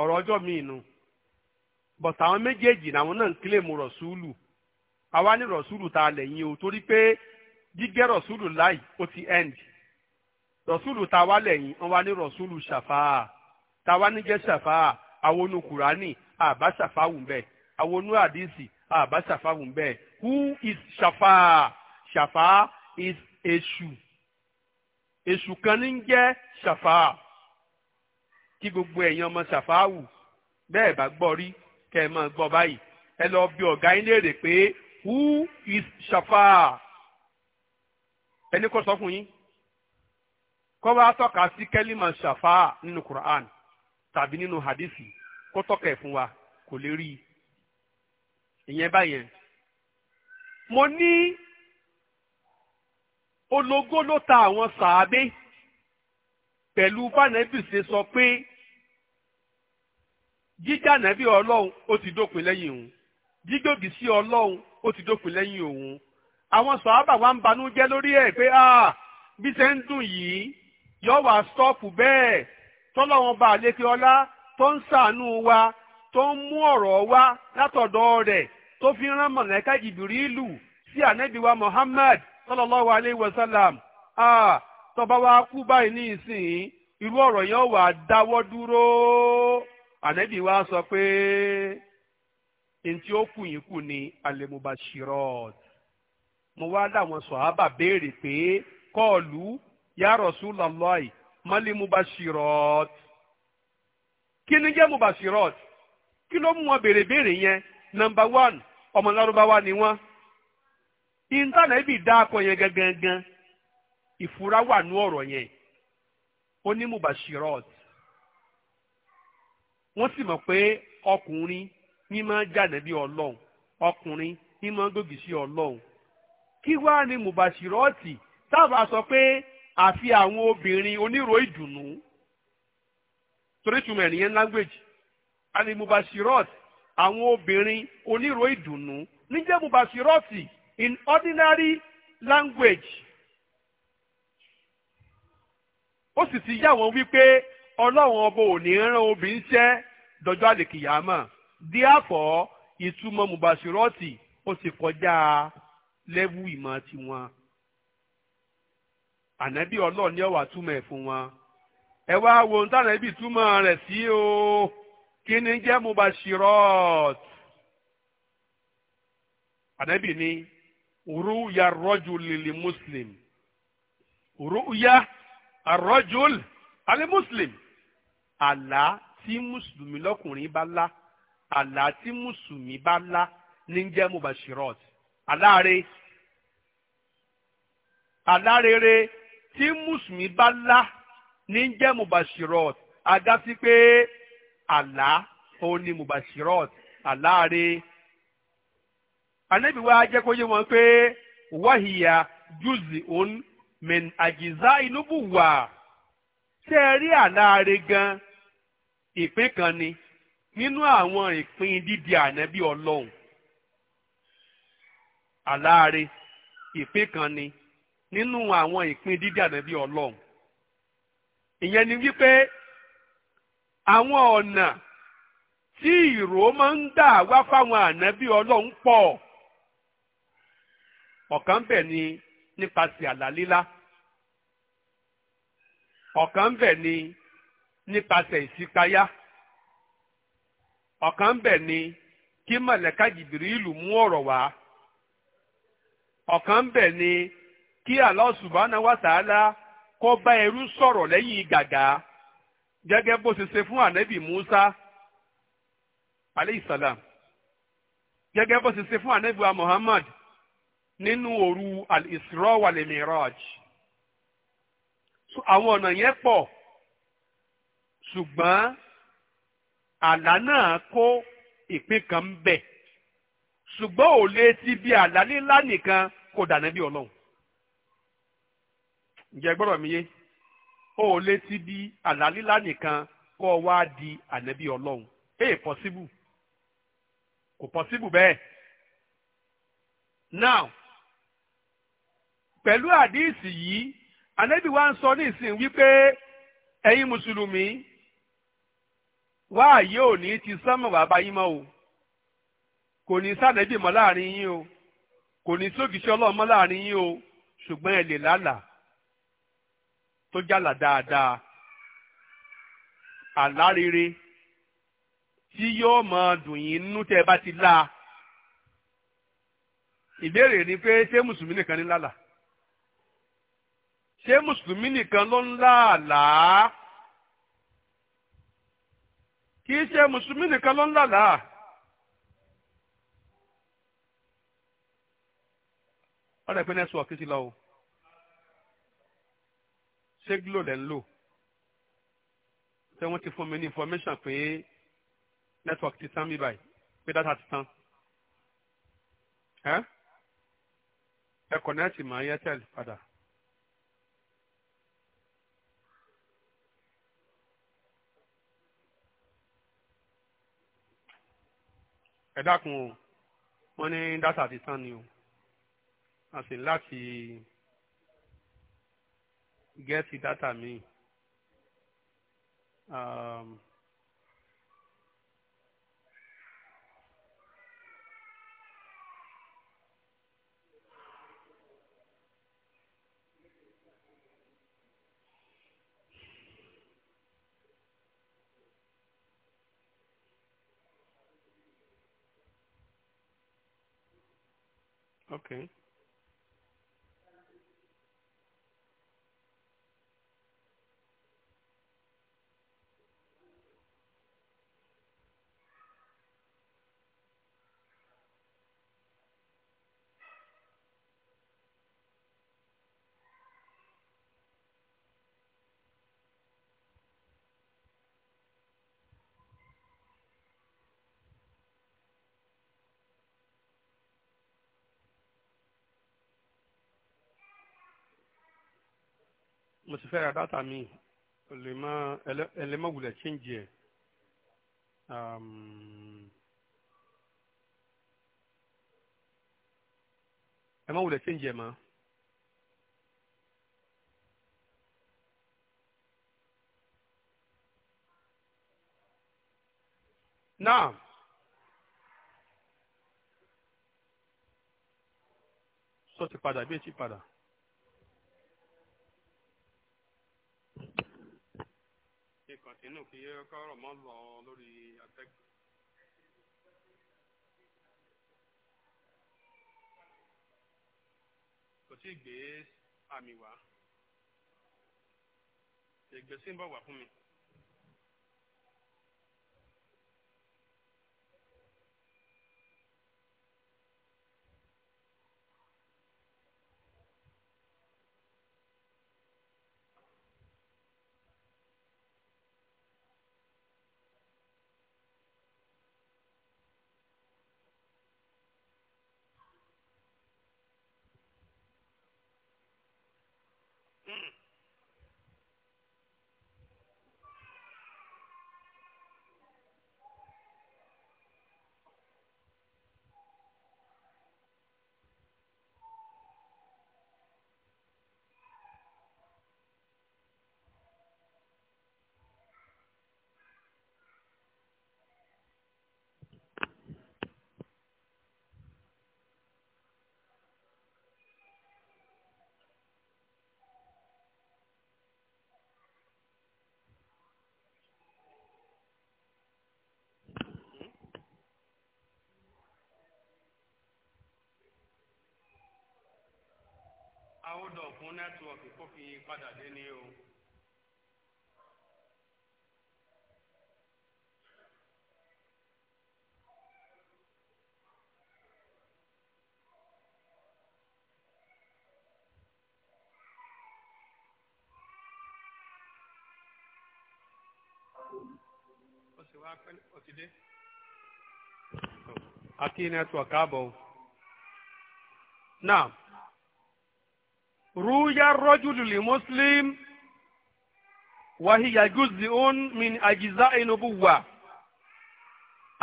ọ̀rọ̀ ọjọ́ míì nu but àwọn méjèèjì làwọn náà ń kílèmù rọ̀súùlù àwa ní rọ̀súùlù tá lẹ́yìn o torí pé gígé rọ̀súùlù láì ó ti end rọ̀súùlù tá a wá lẹ́yìn wọn wá ní rọ̀súùlù ṣàfáà tá a wá ní jẹ́ ṣàfáà àwọn onú kùránì àbá ṣàfáà wù bẹ́ẹ̀ àwọn onú àdìsí àbá ṣàfáà wù bẹ́ẹ̀ who is ṣàfáà ṣàfáà is èṣù èṣù kan ní ń jẹ́ ṣàfáà kí gbogbo ẹ̀yin ọmọ ṣàfáàwù bẹ́ẹ̀ bá gbọ́ rí kẹ́ ẹ máa gbọ́ báyìí ẹ lọ bí ọ̀gá yín léèrè pé who is ṣàfà ẹni kò sọ fún yín kọ́ wá tọ́ka sí kẹ́límà ṣàfà nínú Quran tàbí nínú hadisi kó tọ́ka ẹ̀ fún wa kò lè rí i ìyẹn báyẹn mo ní ológo ló ta àwọn sàábé pẹ̀lú fànẹ́bì ṣe sọ pé jíjà nàbí ọlọ́run ó ti dópin lẹ́yìn òun jíjògì sí ọlọ́run ó ti dópin lẹ́yìn òun àwọn sọ̀hábà wa ń banú jẹ́ lórí ẹ̀ pé bí ṣe ń dùn yìí yọ wá stọ́ọ̀pù bẹ́ẹ̀ tọ́lọ́wọ́n bá àlékè ọlá tó ń ṣàánú wa tó ń mú ọ̀rọ̀ wá látọ̀dọ̀ rẹ̀ tó fi rán mọ̀lẹ́kà jìbìrìlù sí ànábìwa Muhammad sallallahu alayhi wa sallam tọba wa kú báyìí ní ìsìn irú ọ̀rọ̀ yẹn wà dáwọ́ dúró. ànẹ́bí wa sọ pé ntí ó kù yín kù ni alimubashirot mo wá láwọn sọ̀hábà béèrè pé kọ́ọ̀lù ya Rasulullahi malimubashirot kí ni jẹ́ mubashirot kí ló mú wọn béèrè béèrè yẹn nọmba one ọmọ lárúbáwá ni wọ́n intanẹ́bì dá akọ yẹn gangan ìfura wà nú ọ̀rọ̀ yẹn ó ní mubashirot wọ́n sì mọ̀ pé ọkùnrin ní máa jáde bí ọlọ́run ọkùnrin ní máa gògì sí ọlọ́run kí wá ni mùbàṣírọ́ọ̀tì táàbà sọ pé àfi àwọn obìnrin onírò ìdùnnú torí túmọ̀ ẹ̀nìyẹn language àni mùbàṣírọ́ọ̀tì àwọn obìnrin onírò ìdùnnú níjẹ́ mùbàṣírọ́ọ̀tì in ordinary language ó sì ti yà wọ́n wípé ọlọ́run ọba ò ní rán obìnrin ṣẹ́ dọjọ́ àlèkìyàmọ̀ díàfọ́ ìtumọ̀ mùbàṣírọ́ọ̀tì ó sì kọjá lẹ́wù ìmọ̀ tiwọn. ànábì ọlọ́ọ̀ni ọ̀wà túmọ̀ ẹ̀ fún wọn. ẹ wá wo ohun tànábì túmọ̀ rẹ̀ sí o kí ni jẹ́ mùbàṣírọ́ọ̀tì. ànábì ní rúùyà rọ́jùlì lè mùsùlùmí rúùyà àrọ́jùlì alẹ́ àlá tí mùsùlùmí lọkùnrin bá lá àlá tí mùsùlùmí bá lá ní jẹ́ mubashirot aláre alárere tí mùsùlùmí bá lá ní jẹ́ mubashirot pé àlá ní mubashirot aláre anabi wa jẹ́ kó yé ìpín kan ni nínú àwọn ìpín dídi ànábì ọlọ́run àláre ìpín kan ni nínú àwọn ìpín dídi ànábì ọlọ́run ìyẹn ni wípé àwọn ọ̀nà tí ìró máa ń dà wá fáwọn ànábì ọlọ́run pọ̀ ọ̀kan bẹ̀ ni nípasẹ̀ àlá ọ̀kan bẹ̀ ni. nípasẹ̀ ìṣípayá ọ̀kan ń bẹ̀ ni kí mọ̀lẹ́ka jìbìrìlù mú ọ̀rọ̀ wá ni kí Allah subhanahu wa kó bá ẹrú sọ̀rọ̀ lẹ́yìn gàgà gẹ́gẹ́ bó fún ànábì Musa aleyhi gẹ́gẹ́ bó fún ànábì Muhammad nínú òru al-Isra àwọn ọ̀nà yẹn pọ̀. ṣùgbọ́n àlá náà kó ìpín kan ń bẹ̀ ṣùgbọ́n ò lè ti bí àlá lílá nìkan kò dà nábì ọlọ́run ǹjẹ́ gbọ́dọ̀ mi yé ò lè ti bí àlá lílá nìkan kó wá di ànábì ọlọ́run èè pọ́síbù kò pọ́síbù bẹ́ẹ̀ now pẹ̀lú àdíìsì yìí ànábì wa ń sọ ní ìsìn wípé ẹ̀yin mùsùlùmí wáàyè ò ní ti sánmọ̀ bàbá yín mọ́ o kò ní sànẹ́bì mọ́ láàrin yín o kò ní sókìṣẹ́ ọlọ́run mọ́ láàrin yín o ṣùgbọ́n ẹ lálàá tó jàlá dáadáa àlá tí yóò máa dùn yín nínú tẹ́ ẹ bá ti lá ìbéèrè ni pé ṣé mùsùlùmí nìkan ní lálàá ṣé mùsùlùmí nìkan ló ń lá kì í ṣe mùsùlùmí nìkan ló ń lálàá. wọ́n rẹ̀ pé nẹ́tíwọ̀kì ti lọ o ṣé glo lẹ̀ ń lò ṣé wọ́n ti fún mi ní information pé nẹ́tíwọ̀kì ti tán mi báyìí pé dátà ti tán ẹ kọ̀nẹ́ẹ̀tì mọ́ airtel padà. ẹ dákun o wọ́n ní dátà ti tán ni o a sì láti gẹ́ẹ̀tì dátà míì. Um, Okay mo sì fẹ́ ra dátà mi ẹlẹ́mọ̀ wulẹ̀ change ẹ̀ um, ẹ má wulẹ̀ change ẹ̀ mọ́. Now, sọ ti padà bí ẹ ti padà. kọ̀tínú kí kọ́rọ̀ mọ́ lọ lórí atẹ́gùn. kò tí ì gbé àmì wá ìgbésí ń bọ̀ wá fún mi. àwòdọ̀ fún nẹ́tíwọ̀kì kó fi padà dé ní o. Aki nẹ́tíwọ̀kì ààbọ̀. Now rúyà rọ́júlù lè muslim wàhíyà jùzì ún min àjìzá ìnubú wà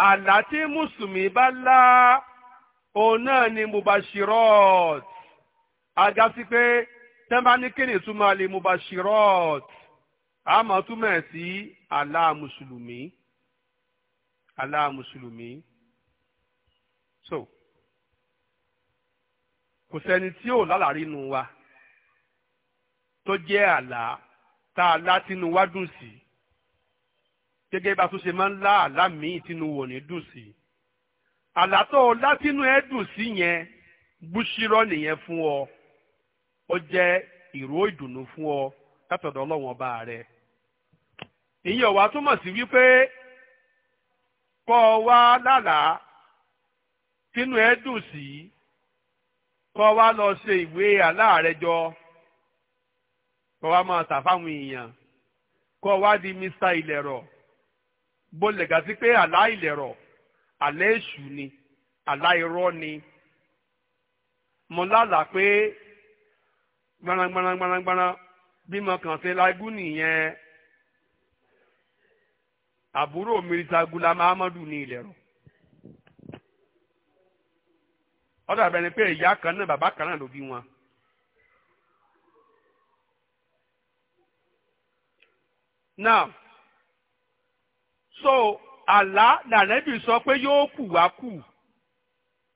àlá tí mùsùlùmí bá lá òun náà ni mubashirot aga sí pé tẹ́ńbà ní kíni ìtumọ̀ àlè mubashirot àmọ́ túmọ̀ sí àlá mùsùlùmí àlá mùsùlùmí so kò sẹ́ni tí ò lálàrí nu wa. tó jẹ́ àlá tá a lá tínú wá dùn sí gẹ́gẹ́ bá tó ṣe máa ń lá àlá míì wò ní dùn sí àlá tó o lá ẹ dùn sí yẹn búṣírọ́ nìyẹn fún ọ ó jẹ́ ìró ìdùnnú fún ọ látọ̀dọ̀ ọlọ́wọ́n rẹ ìyẹn túmọ̀ sí wípé kọ́ ọ wá lálàá ẹ dùn sí kọ́ ọ wá lọ ṣe ìwé àlá kọ́ wa máa tà fáwọn èèyàn kọ́ wa di mr ilẹ̀rọ̀ bó lè sí pé àlá ilẹ̀rọ̀ àlá èṣù ni àlá irọ́ ni mo lálàá pé gbarangbararangbara bí mo kàn ṣe lágú nìyẹn àbúrò mirisa gula mahamadu ní ilẹ̀rọ̀ ọ̀dọ̀ àbẹ̀ni pé ìyá kan náà bàbá kan náà ló bí wọn. now so àlá lànàbì sọ pé yóò kù wá kù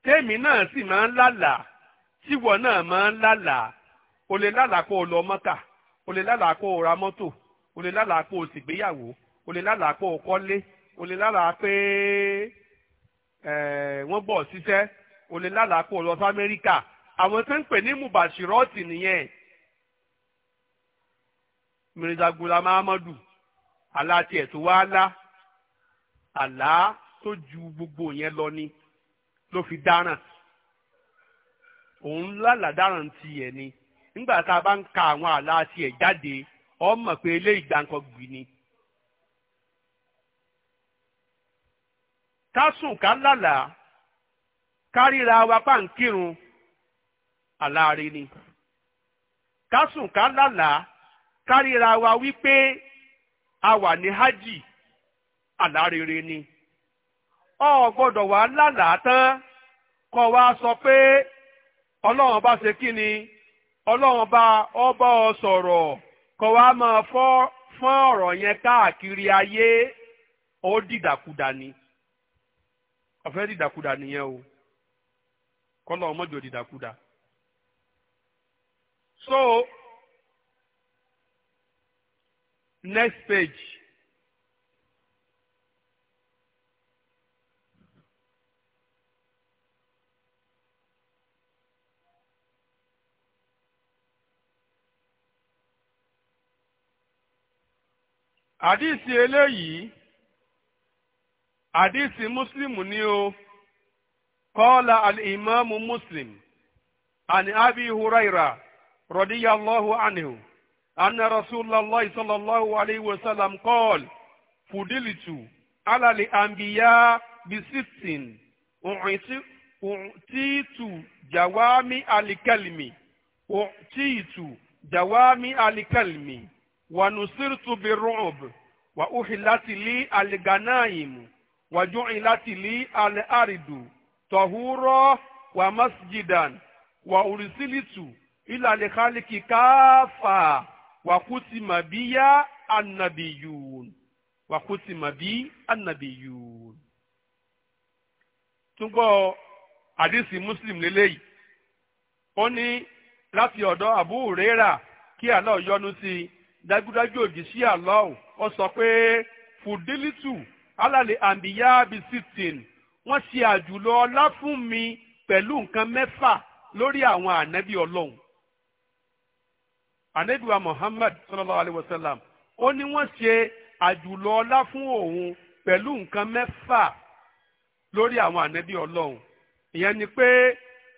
tèmi náà sì máa ń lálàá tíwọ náà máa ń lálàá o lè lálàá kó o lọ mọ́kà o lè lálàá kó o ra mọ́tò o lè lálàá kó o ṣègbéyàwó o lè lálàá kó o kọ́lé o lè lálàá pé wọ́n bọ̀ ṣiṣẹ́ o lè lálàá kó o lọ sí Amẹ́ríkà àwọn tó ń pè ní mubashirọ́ọ̀tì nìyẹn Mirza Gulam Ahmadu. àlá ẹ̀ tó wá lá àlá tó ju gbogbo yẹn lọ ni ló fi dáràn òun lálàá ti tiẹ̀ ni nígbà tá a bá ń ka àwọn àlá tiẹ̀ jáde ọ mọ̀ pé eléyìí gbàǹkan gbì ni. ká sùn ká lálàá wa ni ká sùn ká lálàá wa wípé awa n'i ní hajj àlárere ni ọ gbọ́dọ̀ wà lálàá tán kọ wa sọ pé ọlọ́run bá ṣe kí ni ọlọ́run bá ọba ọ sọ̀rọ̀ kọ wa máa fọ́ fún ọ̀rọ̀ yẹn káàkiri ayé ó dìdàkudà ni ọ̀fẹ́ dìdàkudà nìyẹn o kọ́lọ́ ọmọjọ dìdàkudà. so next page. àdìsí eléyìí àdìsí muslim ni o kọ́lá al-imamu muslim àni abi huraira rọ̀díyàlọ́hu anhu. أن رسول الله صلى الله عليه وسلم قال فضلت على الأنبياء بست أعطيت جوامع الكلم أعطيت جوامع الكلم ونصرت بالرعب وأحلت لي الغنائم وجعلت لي الأرض طهورا ومسجدا وأرسلت إلى الخالق كافة wàkútìmà bí yá ànàbìyùn wàkútìmà bí ànàbìyùn. túnbọ̀ àdìsí muslim lélẹ́yìí ó ní láti ọ̀dọ̀ àbú rẹ́rà kí Allah yọ́nú sí i dájúdájú òjíṣẹ́ Allah ó sọ pé fùdílítù alálẹ̀ àǹbíyá bisitin wọ́n ṣe àjùlọ ọlá fún mi pẹ̀lú nǹkan mẹ́fà lórí àwọn ànábì ọlọ́run anabiwa muhammad sallallahu alayhi wa sallam ó ní wọ́n ṣe àjùlọ ọlá fún òun pẹ̀lú nǹkan mẹ́fà lórí àwọn ànábì ọlọ́run ìyẹn ni pé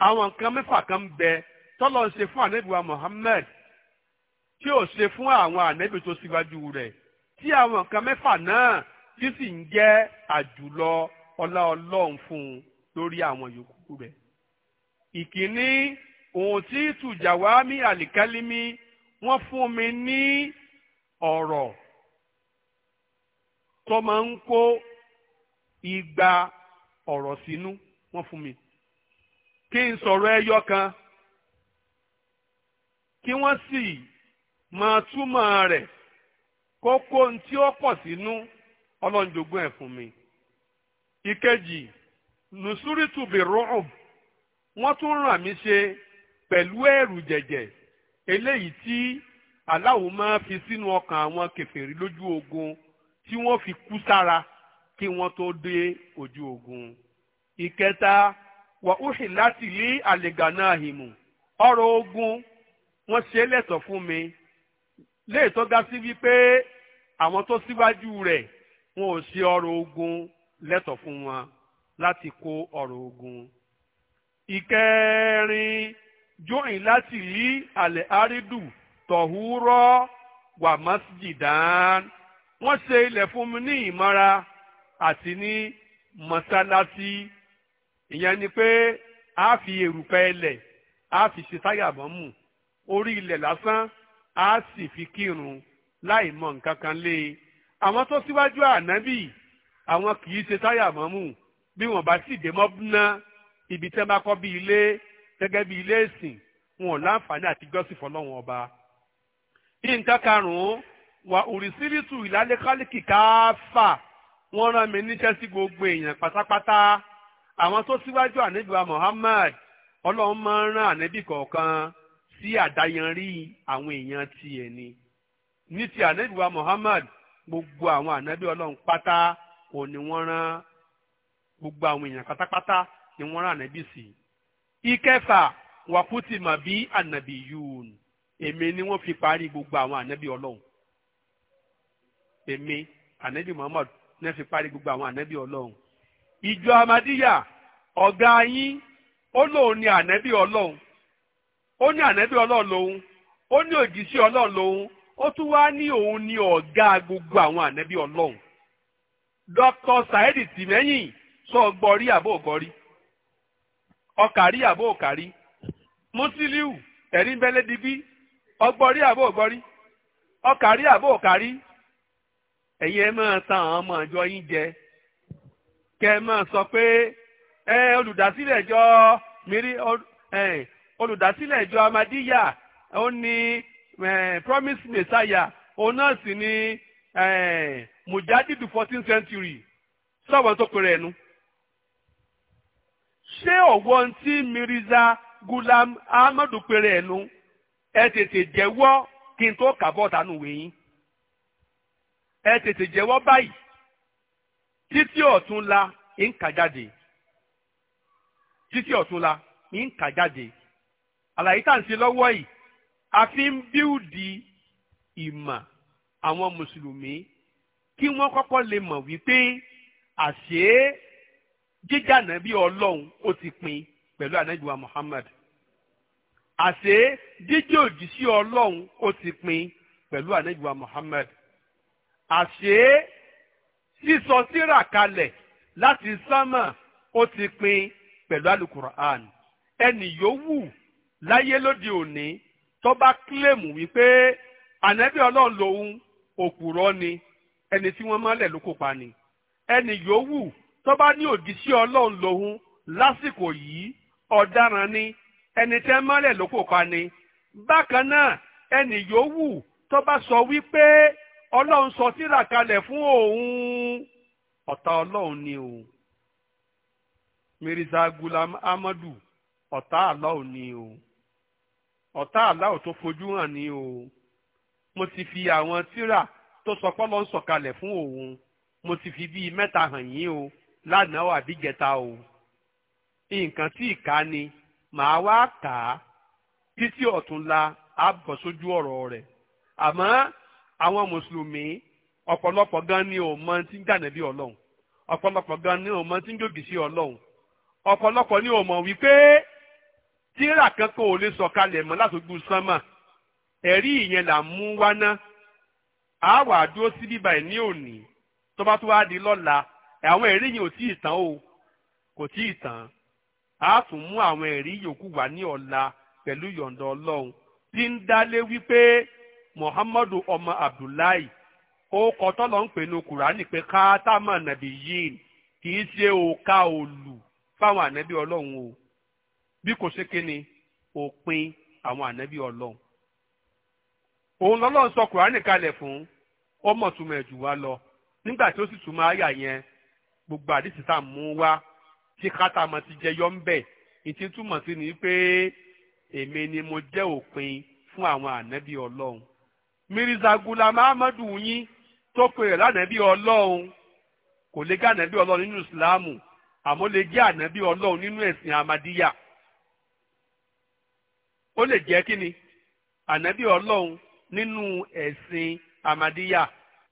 àwọn nǹkan mẹ́fà kan bẹ tọ́lọ̀ ń ṣe fún ànábìwa muhammed tí ò ṣe fún àwọn ànábì tó ṣíwájú rẹ̀ tí àwọn nǹkan mẹ́fà náà tí sì ń jẹ́ àjùlọ ọlá ọlọ́run fún lórí àwọn yòókù rẹ̀. ìkíní ohun tí tùjàwá mi àlìkálímì wọ́n fún mi ní ọ̀rọ̀ tó máa ń kó igba ọ̀rọ̀ sínú wọ́n fún mi kí n sọ̀rọ̀ ẹyọ kan kí wọ́n sì máa túmọ̀ rẹ̀ kókó tí ó pọ̀ sínú ọlọ́njogún ẹ̀ fún mi. ìkejì nùsúrìtù bìrùn wọ́n tún ràn mí ṣe pẹ̀lú ẹ̀rù jẹ̀jẹ̀ eléyìí tí aláwo máa fi sínú ọkàn àwọn kèfèrí lójú ogun tí wọ́n fi kú sára kí wọ́n tó dé ojú ogun. ìkẹta wà úhìn láti lé àlègànà àhìmù ọ̀rọ̀ ogun wọ́n ṣe lẹ́tọ̀ fún mi léètọ́ ga sí wípé àwọn tó síwájú rẹ̀ wọn ò ṣe ọ̀rọ̀ ogun lẹ́tọ̀ fún wọn láti kó ọ̀rọ̀ ogun. ìkẹrin jóyìn láti lí àlẹ́ àrídù tọ̀húrọ́ wà masjidan wọ́n ṣe ilẹ̀ fún mi ní ìmọ́ra àti ní mọ́sálásí ìyẹn ni pé a fi èrùpẹ̀ ilẹ̀ a fi ṣe táyà mọ́mù orí ilẹ̀ lásán a sì fi kírun láì mọ nǹkan kan lé e àwọn tó síwájú ànábì àwọn kì í ṣe táyà mọ́mù bí wọ́n bá sì dé mọ́bùnà ibi tẹ́ bá kọ́ bí ilé gẹ́gẹ́ bí ilé ìsìn wọn ò láǹfààní àti jọ́sìn fọlọ́run ọba. nǹkan karùn-ún wà òrìṣìírísù ìlálẹ́kálíkì káfà wọ́n rán mi níṣẹ́ sí gbogbo èèyàn pátápátá àwọn tó síwájú ànábìwá Muhammad ọlọ́run máa ń rán ànábì kọ̀ọ̀kan sí àdáyanrí àwọn èèyàn tiẹ̀ ni ní ti ànábìwá Muhammad gbogbo àwọn ànábì ọlọ́run pátá òní wọ́n rán gbogbo àwọn èèyàn pátápátá ni wọ́n rán ànábì sí ìkẹfà wàkútì mà bí ànàbì yùn èmi ni wọ́n fi parí gbogbo àwọn ànàbì ọlọ́run èmi ànàbì muhammad ní fi parí gbogbo àwọn ànàbì ọlọ́run ìjọ amadíyà ọ̀gá yín ó lóun ní ànàbì ọlọ́run ó ní ànàbì ọlọ́run lòun ó ní òjíṣẹ́ ọlọ́run lòun ó tún wá ní òun ní ọ̀gá gbogbo àwọn ànàbì ọlọ́run dr saheed tìmẹ́yìn sọ gbọ́rí àbò gbọ́rí ọkàrí àbó òkàrí mùsílíù ẹ̀rí ń digbí ọgbọ́rí àbó ògbọ́rí ọkàrí àbó ẹ̀yin máa tan àwọn ọmọ jẹ kẹ sọ pé ẹ olùdásílẹ̀ ìjọ mìírí olùdásílẹ̀ ìjọ amadíyà ó ní promise messiah òun náà sì ní mujadidu fourteen century tó pèrè ṣé ọ̀wọ́ tí Mirza Gulam Ahmadu péré ẹnu ẹ tètè jẹ́wọ́ kí n tó kàbọ̀ tánú wẹ̀yìn ẹ tètè jẹ́wọ́ báyìí títí ọ̀túnla ń kà jáde títí ọ̀túnla ń kà jáde àlàyé tá à ń ṣe lọ́wọ́ yìí a fi ń bíúdi ìmọ̀ àwọn mùsùlùmí kí wọ́n kọ́kọ́ lè mọ̀ wípé àṣé jíjà nàbí ọlọ́run ó ti pin pẹ̀lú ànájúwa Muhammad àṣé jíjẹ́ òjíṣẹ́ ọlọ́run ó ti pin pẹ̀lú ànájúwa Muhammad àṣé sísọ síra kalẹ̀ láti sámà ó ti pin pẹ̀lú alukur'an ẹnì yòówù láyé lóde òní tó bá kílèmù wípé ànábì ọlọ́run lòun òpùrọ́ ni ẹni tí wọ́n mọ́lẹ̀ ló kópa ni ẹnì yòówù tó bá ní òjíṣẹ́ ọlọ́run lòun lásìkò yìí ọ̀daràn ni ẹni tẹ́ mọ́lẹ̀ lóko pa ni bákan náà ẹni yòówù tó bá sọ wípé ọlọ́run sọ tírà kalẹ̀ fún òun ọ̀tá ọlọ́run ni o mirza gulam amadu ọ̀tá aláwo ni o ọ̀tá aláwo tó fojú hàn ni o mo ti fi àwọn tírà tó sọ pé ọlọ́run sọ kalẹ̀ fún òun mo ti fi bíi mẹ́ta hàn yín o lánàá wà bí jẹta o nǹkan tí ìka ni màá wá kà á títí ọ̀túnla á bọ̀ sójú ọ̀rọ̀ rẹ̀ àmọ́ àwọn mùsùlùmí ọ̀pọ̀lọpọ̀ gan ni ò mọ tí ń jànàbí ọlọ́run ọ̀pọ̀lọpọ̀ gan ni ò mọ tí ń jògì sí ọlọ́run ọ̀pọ̀lọpọ̀ ni ò mọ̀ wípé tíra kankan ò lè sọ̀kalẹ̀ mọ́ látòjú sánmà ẹ̀rí ìyẹn là ń mú wá àá wà dúró sí bíbá ní òní tó bá tó wá di lọ́la àwọn ẹ̀rí yìí ò tí ì tán o kò tí ì tán a tún mú àwọn ẹ̀rí yòókù wá ní ọ̀la pẹ̀lú yọ̀ǹda ọlọ́run tí ń dálé wípé muhammadu ọmọ abdullahi ó kọ tọ́lọ̀ ń pè ní kùránì pé ma nàbí yìí kì í ṣe o òlù fáwọn ọlọ́run o bí kò ṣe kí ni òpin àwọn ọlọ́run òun lọ́lọ́run sọ kùránì kalẹ̀ fún ọmọ ẹ̀jù lọ nígbà tí ó sì gbogbo àdìsí tá à mú wá tí kátàmọ́ ti jẹ yọ ń bẹ̀ ìtí túmọ̀ sí ni pé èmi ni mo jẹ́ òpin fún àwọn ànábì ọlọ́run Mirza Gulam Ahmadu yín tó pe rẹ̀ lánàbí ọlọ́run kò lè gé ànábì ọlọ́run nínú ìsìláàmù àmọ́ lè jẹ́ ànábì ọlọ́run nínú ẹ̀sìn amadíyà ó lè jẹ́ kí ni ànábì ọlọ́run nínú ẹ̀sìn amadíyà